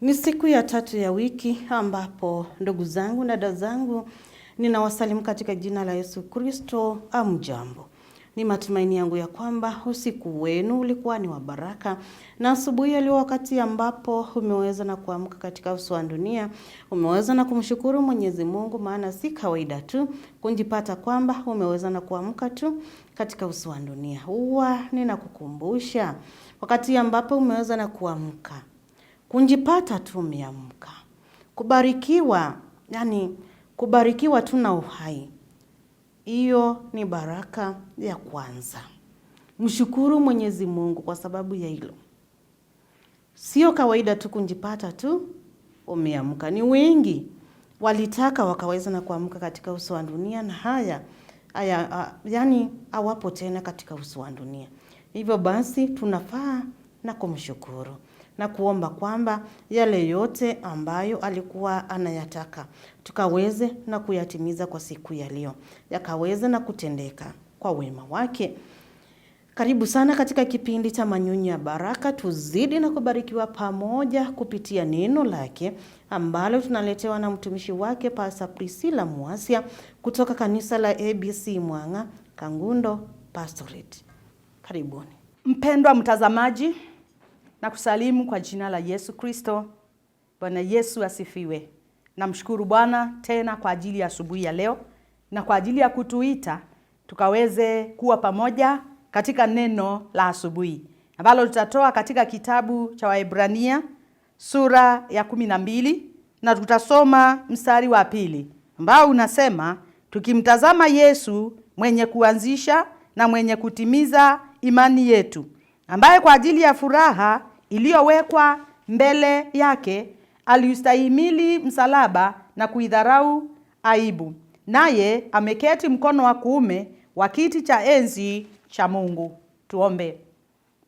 Ni siku ya tatu ya wiki ambapo ndugu zangu na dada zangu ninawasalimu katika jina la Yesu Kristo. Amjambo. Ni matumaini yangu ya kwamba usiku wenu ulikuwa ni wa baraka na asubuhi leo, wakati ambapo umeweza na kuamka katika uso wa dunia, umeweza na kumshukuru Mwenyezi Mungu, maana si kawaida tu kujipata kwamba umeweza na kuamka tu katika uso wa dunia. Huwa ninakukumbusha wakati ambapo umeweza na kuamka kunjipata tu umeamka kubarikiwa, yani kubarikiwa tu na uhai. Hiyo ni baraka ya kwanza. Mshukuru Mwenyezi Mungu kwa sababu ya hilo. Sio kawaida tu kunjipata tu umeamka, ni wengi walitaka wakaweza na kuamka katika uso wa dunia na haya haya, yani hawapo tena katika uso wa dunia. Hivyo basi tunafaa na kumshukuru na kuomba kwamba yale yote ambayo alikuwa anayataka tukaweze na kuyatimiza kwa siku ya leo, yakaweze na kutendeka kwa wema wake. Karibu sana katika kipindi cha Manyunyu ya Baraka, tuzidi na kubarikiwa pamoja kupitia neno lake ambalo tunaletewa na mtumishi wake Pasa Priscilla mwasia kutoka kanisa la ABC Mwanga Kangundo Pastorate. Karibuni mpendwa mtazamaji na kusalimu kwa jina la Yesu Kristo. Bwana Yesu asifiwe. Namshukuru Bwana tena kwa ajili ya asubuhi ya leo na kwa ajili ya kutuita tukaweze kuwa pamoja katika neno la asubuhi ambalo tutatoa katika kitabu cha Waebrania sura ya kumi na mbili na tutasoma mstari wa pili ambao unasema, tukimtazama Yesu mwenye kuanzisha na mwenye kutimiza imani yetu, ambaye kwa ajili ya furaha iliyowekwa mbele yake, aliustahimili msalaba na kuidharau aibu, naye ameketi mkono wa kuume wa kiti cha enzi cha Mungu. Tuombe.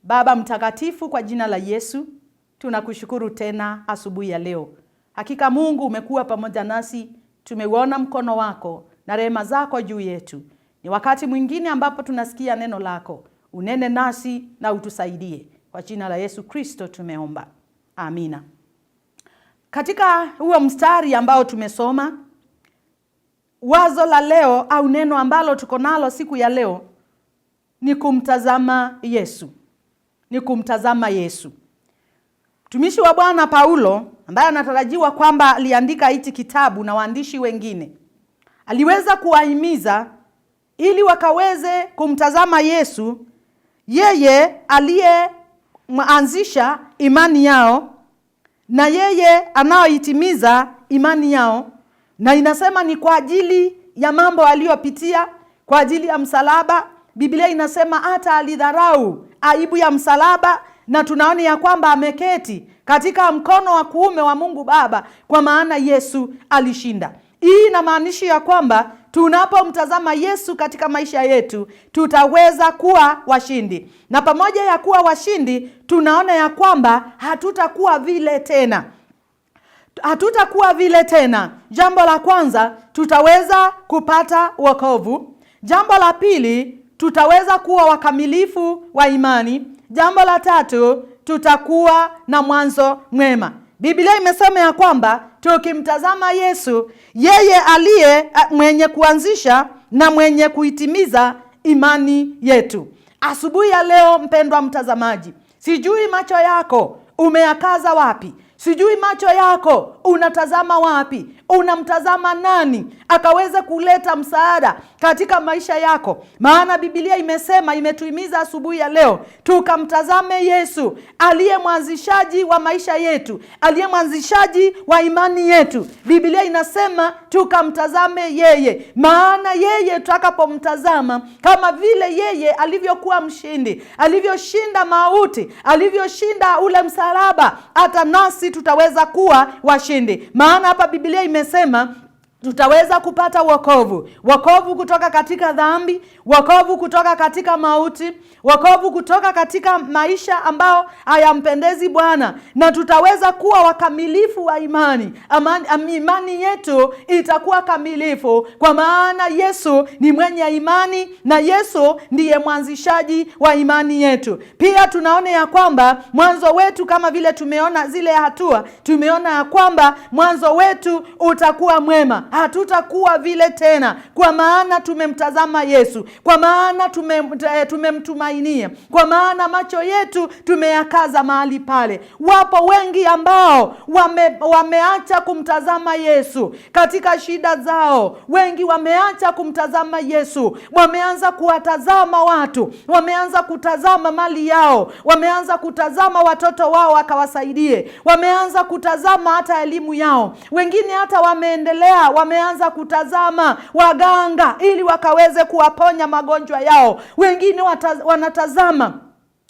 Baba mtakatifu, kwa jina la Yesu tunakushukuru tena asubuhi ya leo. Hakika Mungu umekuwa pamoja nasi, tumeuona mkono wako na rehema zako juu yetu. Ni wakati mwingine ambapo tunasikia neno lako, unene nasi na utusaidie kwa jina la Yesu Kristo tumeomba, amina. Katika huo mstari ambao tumesoma, wazo la leo au neno ambalo tuko nalo siku ya leo ni kumtazama Yesu, ni kumtazama Yesu. Mtumishi wa Bwana Paulo ambaye anatarajiwa kwamba aliandika hichi kitabu na waandishi wengine, aliweza kuwahimiza ili wakaweze kumtazama Yesu, yeye aliye anzisha imani yao na yeye anaoitimiza imani yao, na inasema ni kwa ajili ya mambo aliyopitia, kwa ajili ya msalaba. Biblia inasema hata alidharau aibu ya msalaba, na tunaona ya kwamba ameketi katika mkono wa kuume wa Mungu Baba, kwa maana Yesu alishinda. Hii inamaanisha ya kwamba tunapomtazama Yesu katika maisha yetu tutaweza kuwa washindi, na pamoja ya kuwa washindi, tunaona ya kwamba hatutakuwa vile tena hatutakuwa vile tena. Jambo la kwanza, tutaweza kupata wokovu. Jambo la pili, tutaweza kuwa wakamilifu wa imani. Jambo la tatu, tutakuwa na mwanzo mwema. Biblia imesema ya kwamba tukimtazama Yesu, yeye aliye eh, mwenye kuanzisha na mwenye kuitimiza imani yetu. Asubuhi ya leo, mpendwa mtazamaji, sijui macho yako umeyakaza wapi, sijui macho yako unatazama wapi, unamtazama nani akaweze kuleta msaada katika maisha yako? Maana bibilia imesema, imetuimiza asubuhi ya leo tukamtazame Yesu aliye mwanzishaji wa maisha yetu, aliye mwanzishaji wa imani yetu. bibilia inasema tukamtazame yeye, maana yeye tutakapomtazama, kama vile yeye alivyokuwa mshindi, alivyoshinda mauti, alivyoshinda ule msalaba, hata nasi tutaweza kuwa washindi. Maana hapa bibilia ime anasema tutaweza kupata wokovu, wokovu kutoka katika dhambi, wokovu kutoka katika mauti, wokovu kutoka katika maisha ambayo hayampendezi Bwana, na tutaweza kuwa wakamilifu wa imani. Amani, imani yetu itakuwa kamilifu, kwa maana Yesu ni mwenye imani na Yesu ndiye mwanzishaji wa imani yetu. Pia tunaona ya kwamba mwanzo wetu, kama vile tumeona zile hatua, tumeona ya kwamba mwanzo wetu utakuwa mwema hatutakuwa vile tena, kwa maana tumemtazama Yesu, kwa maana eh, tumemtumainia, kwa maana macho yetu tumeyakaza mahali pale. Wapo wengi ambao wame, wameacha kumtazama Yesu katika shida zao. Wengi wameacha kumtazama Yesu, wameanza kuwatazama watu, wameanza kutazama mali yao, wameanza kutazama watoto wao akawasaidie wameanza kutazama hata elimu yao, wengine hata wameendelea wameanza kutazama waganga ili wakaweze kuwaponya magonjwa yao. Wengine wanatazama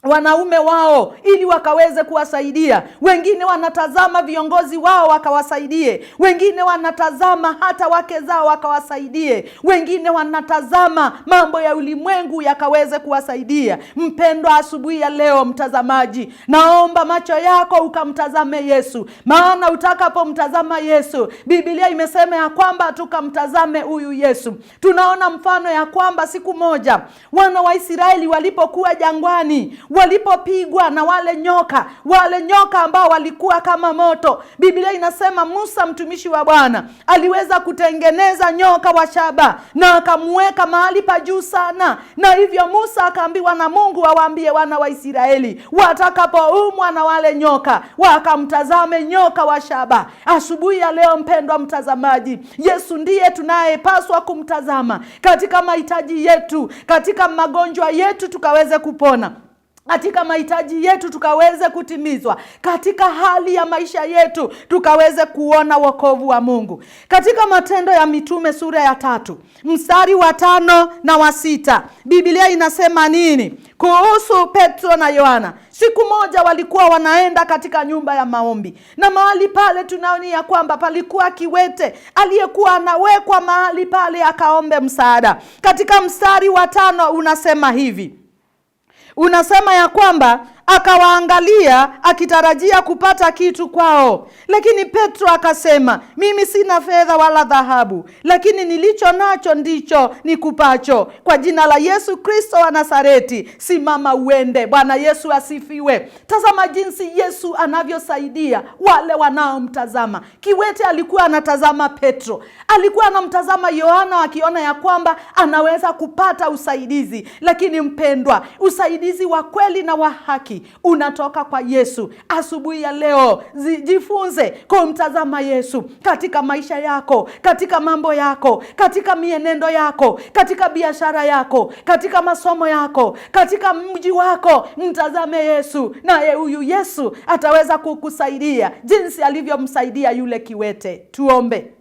wanaume wao ili wakaweze kuwasaidia. Wengine wanatazama viongozi wao wakawasaidie, wengine wanatazama hata wake zao wakawasaidie, wengine wanatazama mambo ya ulimwengu yakaweze kuwasaidia. Mpendwa, asubuhi ya leo mtazamaji, naomba macho yako ukamtazame Yesu, maana utakapomtazama Yesu, Biblia imesema ya kwamba tukamtazame huyu Yesu. Tunaona mfano ya kwamba siku moja wana wa Israeli walipokuwa jangwani walipopigwa na wale nyoka, wale nyoka ambao walikuwa kama moto. Biblia inasema Musa mtumishi wa Bwana aliweza kutengeneza nyoka wa shaba na akamuweka mahali pa juu sana, na hivyo Musa akaambiwa na Mungu awaambie wa wana wa Israeli watakapoumwa na wale nyoka wakamtazame nyoka wa shaba. Asubuhi ya leo, mpendwa mtazamaji, Yesu ndiye tunayepaswa kumtazama katika mahitaji yetu, katika magonjwa yetu tukaweze kupona katika mahitaji yetu tukaweze kutimizwa, katika hali ya maisha yetu tukaweze kuona wokovu wa Mungu. Katika Matendo ya Mitume sura ya tatu mstari wa tano na wa sita Biblia inasema nini kuhusu Petro na Yohana? Siku moja walikuwa wanaenda katika nyumba ya maombi, na mahali pale tunaoni ya kwamba palikuwa kiwete aliyekuwa anawekwa mahali pale akaombe msaada. Katika mstari wa tano unasema hivi unasema ya kwamba akawaangalia akitarajia kupata kitu kwao. Lakini Petro akasema, mimi sina fedha wala dhahabu, lakini nilicho nacho ndicho nikupacho. Kwa jina la Yesu Kristo wa Nazareti, simama uende. Bwana Yesu asifiwe. Tazama jinsi Yesu anavyosaidia wale wanaomtazama. Kiwete alikuwa anatazama Petro, alikuwa anamtazama Yohana akiona ya kwamba anaweza kupata usaidizi. Lakini mpendwa, usaidizi wa kweli na wa haki haki unatoka kwa Yesu. Asubuhi ya leo jifunze kumtazama Yesu katika maisha yako, katika mambo yako, katika mienendo yako, katika biashara yako, katika masomo yako, katika mji wako. Mtazame Yesu, naye huyu Yesu ataweza kukusaidia jinsi alivyomsaidia yule kiwete. Tuombe.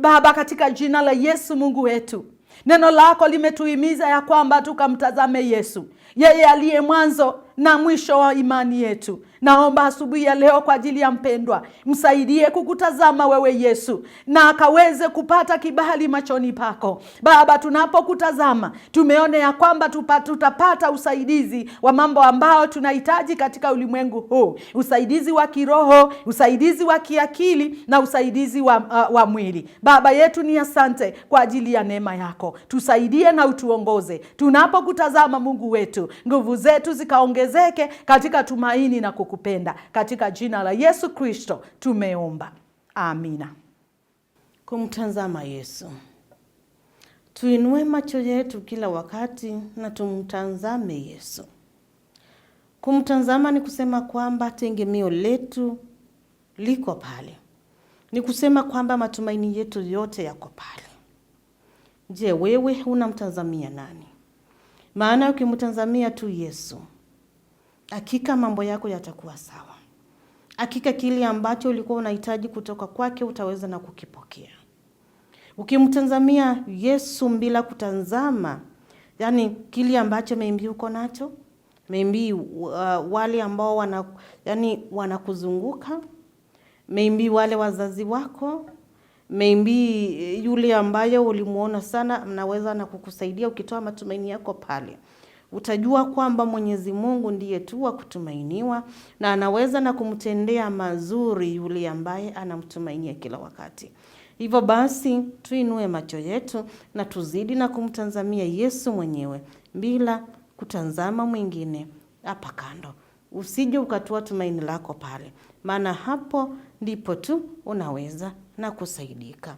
Baba, katika jina la Yesu Mungu wetu, neno lako limetuhimiza ya kwamba tukamtazame Yesu, yeye aliye mwanzo na mwisho wa imani yetu. Naomba asubuhi ya leo kwa ajili ya mpendwa, msaidie kukutazama wewe Yesu, na akaweze kupata kibali machoni pako Baba. Tunapokutazama tumeona ya kwamba tupa, tutapata usaidizi wa mambo ambayo tunahitaji katika ulimwengu huu, usaidizi wa kiroho, usaidizi wa kiakili na usaidizi wa, uh, wa mwili. Baba yetu ni asante kwa ajili ya neema yako, tusaidie na utuongoze tunapokutazama Mungu wetu, nguvu zetu zikaongeze ongezeke katika tumaini na kukupenda. Katika jina la Yesu Kristo tumeomba, amina. Kumtazama Yesu. Tuinue macho yetu kila wakati na tumtazame Yesu. Kumtazama ni kusema kwamba tegemeo letu liko pale, ni kusema kwamba matumaini yetu yote yako pale. Je, wewe unamtazamia nani? Maana ukimtazamia tu Yesu hakika mambo yako yatakuwa sawa. Hakika kile ambacho ulikuwa unahitaji kutoka kwake utaweza na kukipokea. Ukimtazamia Yesu bila kutazama, yani kile ambacho maybe uko nacho maybe uh, wale ambao wana, yani wanakuzunguka maybe wale wazazi wako maybe yule ambaye ulimuona sana, mnaweza na kukusaidia ukitoa matumaini yako pale utajua kwamba Mwenyezi Mungu ndiye tu wa kutumainiwa na anaweza na kumtendea mazuri yule ambaye anamtumainia kila wakati. Hivyo basi tuinue macho yetu na tuzidi na kumtazamia Yesu mwenyewe bila kutazama mwingine hapa kando. Usije ukatoa tumaini lako pale, maana hapo ndipo tu unaweza na kusaidika.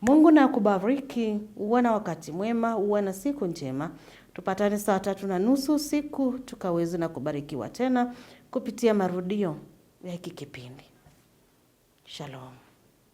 Mungu na akubariki, uwe na wakati mwema, uwe na siku njema. Tupatane saa tatu na nusu usiku tukaweze na kubarikiwa tena kupitia marudio ya hiki kipindi. Shalom.